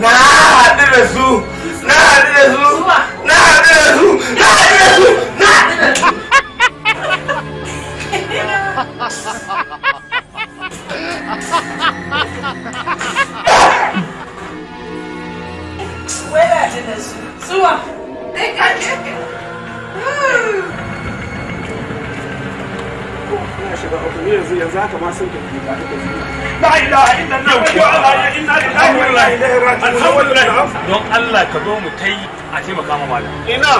na haɗu da su na haɗu su na haɗu su na haɗu su na su haka ma sun tafi ga ta la ilaha illallah wa la ilaha illallah alhamdulillah don Allah ka zo mu kai a taimaka ma malam ina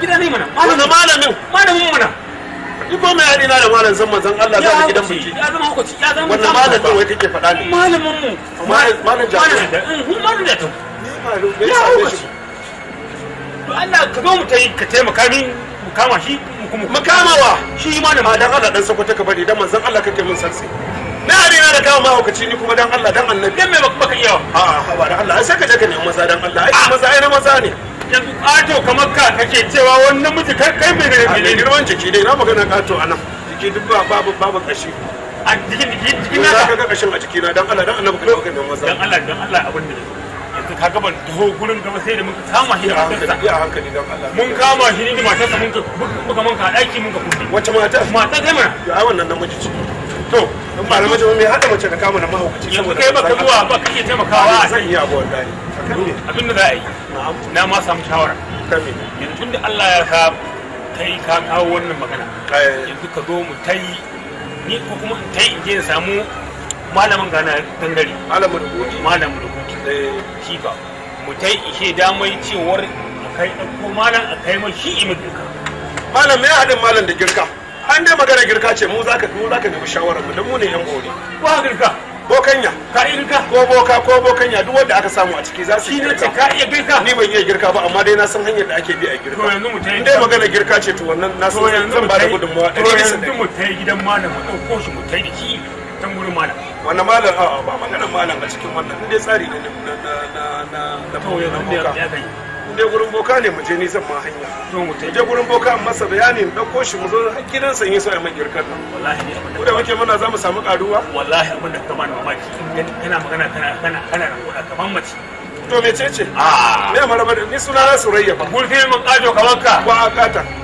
gida ne mana malamin malamin malamin mana in ba mai haɗina da malam san manzon Allah za mu gidan biki ya zama hukunci ya zama wannan malam din wai take faɗa ne malamin mu malam jami'a mun mm, malam da ta ya hukunci to Allah ka zo mu kai ka taimaka min mu kama shi makamawa shi ma da dan Allah dan sakwata ka bari dan manzon Allah kake mun sarsi na ne na da kawo hukaci ni kuma dan Allah dan annabi dan me baka iya a a ba dan Allah sai ka je ka nemi maza dan Allah ai maza ai na maza ne yanzu kato kamar ka kake cewa wannan miji kai kai mai ne girman jiki dai na magana kato anan jiki duk babu babu kashi a jiki jiki na ka ga kashin a na dan Allah dan annabi ka ga maza dan Allah dan Allah abin da to kaga ban taho gurin gaba sai da muka kama shi da matarsa ya hankali dan Allah mun kama shi da matarsa mun muka mun ka daki mun ka kuɗi wace mata mata kai mana ya wannan namiji ce to in ba namiji mai hada mace da kama na mahaukaci saboda kai baka zuwa ba kake taimakawa zan iya ba wallahi abin da za a yi na ma samu shawara yanzu tun da Allah ya sa kai ka kawo wannan magana yanzu ka zo mu tai ni ko kuma in tai in je in samu malamin gana dangare malamin malamin shiga mu ta ishe damai cewar a kai ɗauko malam a kai shi imin girka malam ya haɗin malam da girka an dai magana girka ce mu za ka mu za ka nemi shawarar mu don mu ne yan kore ko ha girka bokanya ka iya girka ko boka ko bokanya duk wanda aka samu a ciki za su yi girka shi ne ka iya girka ni ban iya girka ba amma dai na san hanyar da ake bi a girka to yanzu mu tayi dai magana girka ce to wannan na san zan ba da gudunmawa to yanzu mu tayi gidan malam mu ɗauko shi mu tayi da shi tan gurin malam wani malam a ba maganar malam a cikin wannan inda tsari ne na fauye na boka inda gurin boka ne mu je nisan ma hanya mu gurin boka masa bayani mu ɗauko shi mu zo gidan sanye su a mai girkan nan wallahi ne da muke muna za mu samu ƙaruwa wallahi abin da kamar mamaki kana magana kana kana kana kamar mace to mecece a ah. me mara ba ni suna na surayya ba mun fi mun kajo kamar ka ba a kata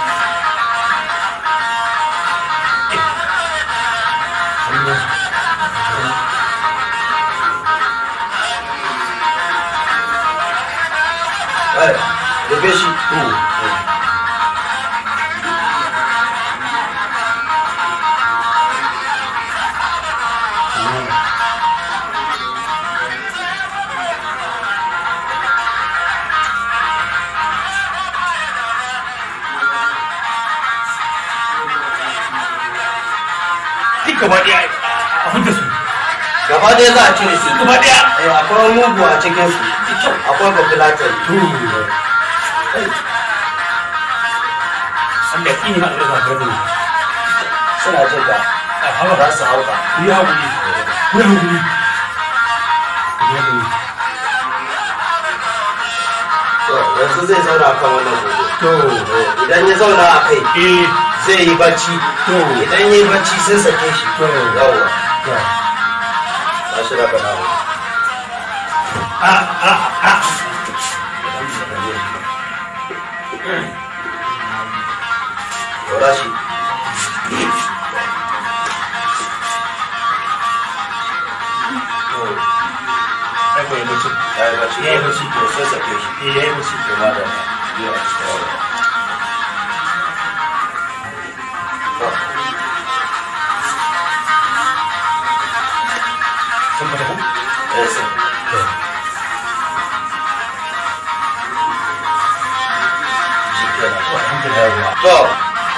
빼신 프로. 네. gaba daya a hudu su gaba daya za a cire su gaba daya akwai mugu a cikin su akwai babulatari Allah ki ma da zaka ne suna jin da hawa ba su hauka ku yi hakuri ku yi hakuri yanzu zai zauna a kan wannan idan ya zauna a kai eh. zai yi bacci idan yi bacci sun sake shi shi yi bacci ya yi bacci sai ya yi da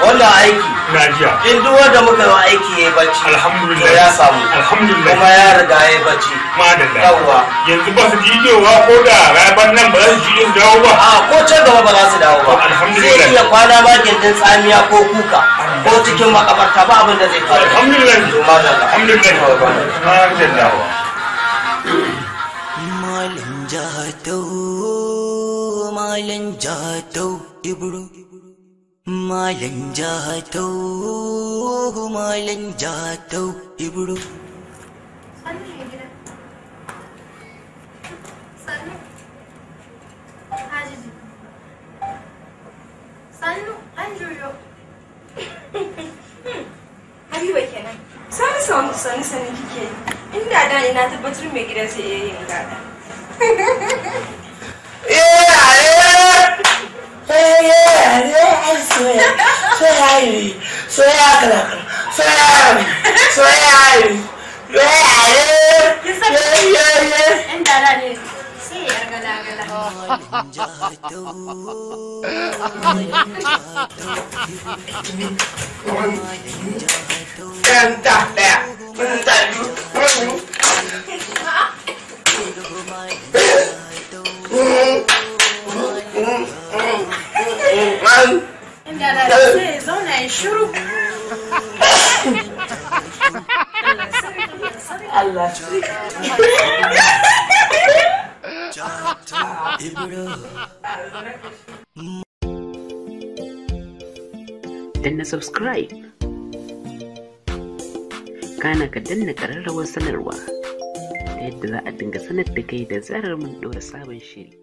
sun aiki lafiya in duk wanda muka yi aiki ya bacci alhamdulillah ya samu alhamdulillah kuma ya riga ya bacci madalla yawa yanzu ba su jidewa ko da rabar nan ba za su jide su dawo ba a ko can gaba ba za su dawo ba alhamdulillah sai iya kwana ba gindin tsamiya ko kuka ko cikin makabarta ba abin da zai faru alhamdulillah madalla alhamdulillah madalla malam jatau malam jatau ibro മാലൻ ജാതോ മാലൻ ജാതോ ഇവിടു sani sani da ina gida sai Soy Ivy, soy Acra, soy Ivy, soy Ivy, yo Ivy, yo Ivy. Entraré. Sí, Acra, Acra. Canta, vea, canta, Mm-hmm. inda da zauna ya shiru danna subscribe kana ka danna kararrawar sanarwa ta yadda za a dinga sanar da kai da zarar mun ɗora sabon shiri